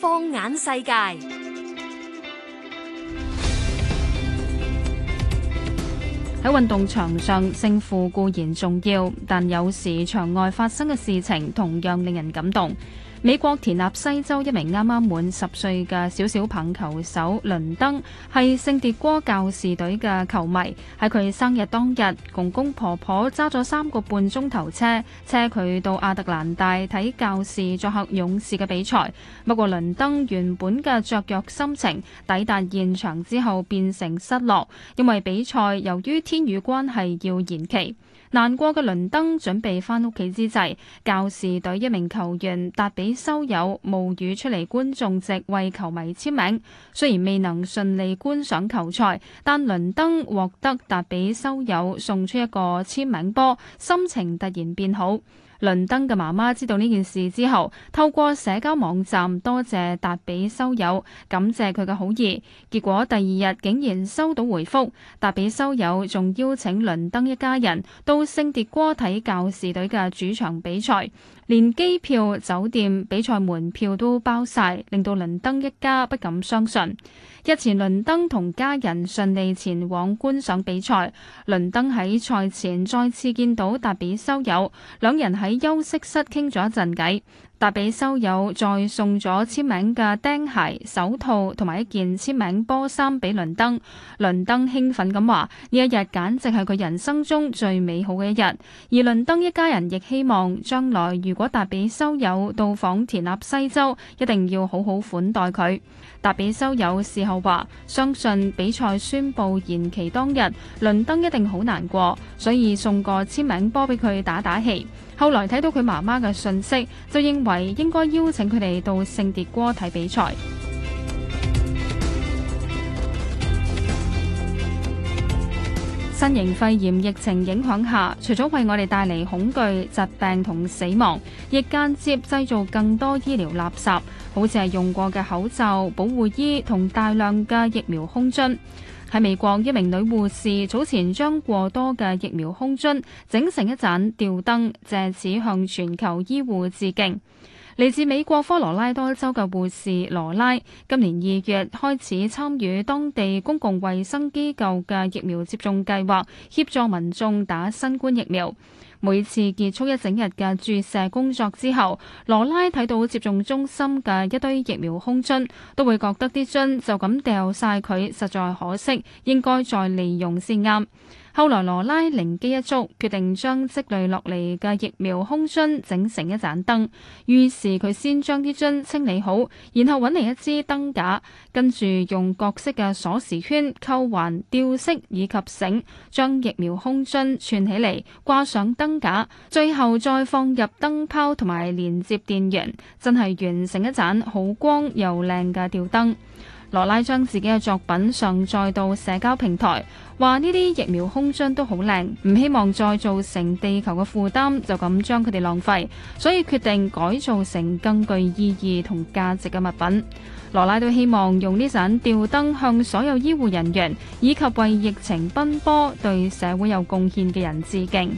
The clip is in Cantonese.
放眼世界，喺運動場上勝負固然重要，但有時場外發生嘅事情同樣令人感動。美國田納西州一名啱啱滿十歲嘅小小棒球手倫登，係聖迭戈教士隊嘅球迷。喺佢生日當日，公公婆婆揸咗三個半鐘頭車，車佢到亞特蘭大睇教士作客勇士嘅比賽。不過倫登原本嘅雀躍心情，抵達現場之後變成失落，因為比賽由於天雨關係要延期。難過嘅倫登準備翻屋企之際，教士隊一名球員達比。收友冒雨出嚟觀眾席為球迷簽名，雖然未能順利觀賞球賽，但倫敦獲得達比收友送出一個簽名波，心情突然變好。倫敦嘅媽媽知道呢件事之後，透過社交網站多謝達比收友，感謝佢嘅好意。結果第二日竟然收到回覆，達比收友仲邀請倫登一家人到聖迭戈睇教士隊嘅主場比賽。連機票、酒店、比賽門票都包晒，令到倫登一家不敢相信。日前倫登同家人順利前往觀賞比賽，倫登喺賽前再次見到達比修有，兩人喺休息室傾咗一陣偈。達比修有再送咗簽名嘅釘鞋、手套同埋一件簽名波衫俾倫登，倫登興奮咁話：呢一日簡直係佢人生中最美好嘅一日。而倫登一家人亦希望將來如果達比修有到訪田納西州，一定要好好款待佢。達比修有事後話：相信比賽宣布延期當日，倫登一定好難過，所以送個簽名波俾佢打打氣。後來睇到佢媽媽嘅信息，就認為應該邀請佢哋到聖迭戈睇比賽。新型肺炎疫情影響下，除咗為我哋帶嚟恐懼、疾病同死亡，亦間接製造更多醫療垃圾，好似係用過嘅口罩、保護衣同大量嘅疫苗空樽。喺美國，一名女護士早前將過多嘅疫苗空樽整成一盞吊燈，藉此向全球醫護致敬。嚟自美國科羅拉多州嘅護士羅拉，今年二月開始參與當地公共衛生機構嘅疫苗接種計劃，協助民眾打新冠疫苗。每次結束一整日嘅注射工作之後，羅拉睇到接種中心嘅一堆疫苗空樽，都會覺得啲樽就咁掉晒佢，實在可惜，應該再利用先啱。後來羅拉靈機一觸，決定將積累落嚟嘅疫苗空樽整成一盞燈。於是佢先將啲樽清理好，然後揾嚟一支燈架，跟住用各式嘅鎖匙圈、扣環、吊飾以及繩，將疫苗空樽串起嚟，掛上燈架，最後再放入燈泡同埋連接電源，真係完成一盞好光又靚嘅吊燈。羅拉將自己嘅作品上載到社交平台，話呢啲疫苗空樽都好靚，唔希望再造成地球嘅負擔，就咁將佢哋浪費，所以決定改造成更具意義同價值嘅物品。羅拉都希望用呢盞吊燈向所有醫護人員，以及為疫情奔波、對社會有貢獻嘅人致敬。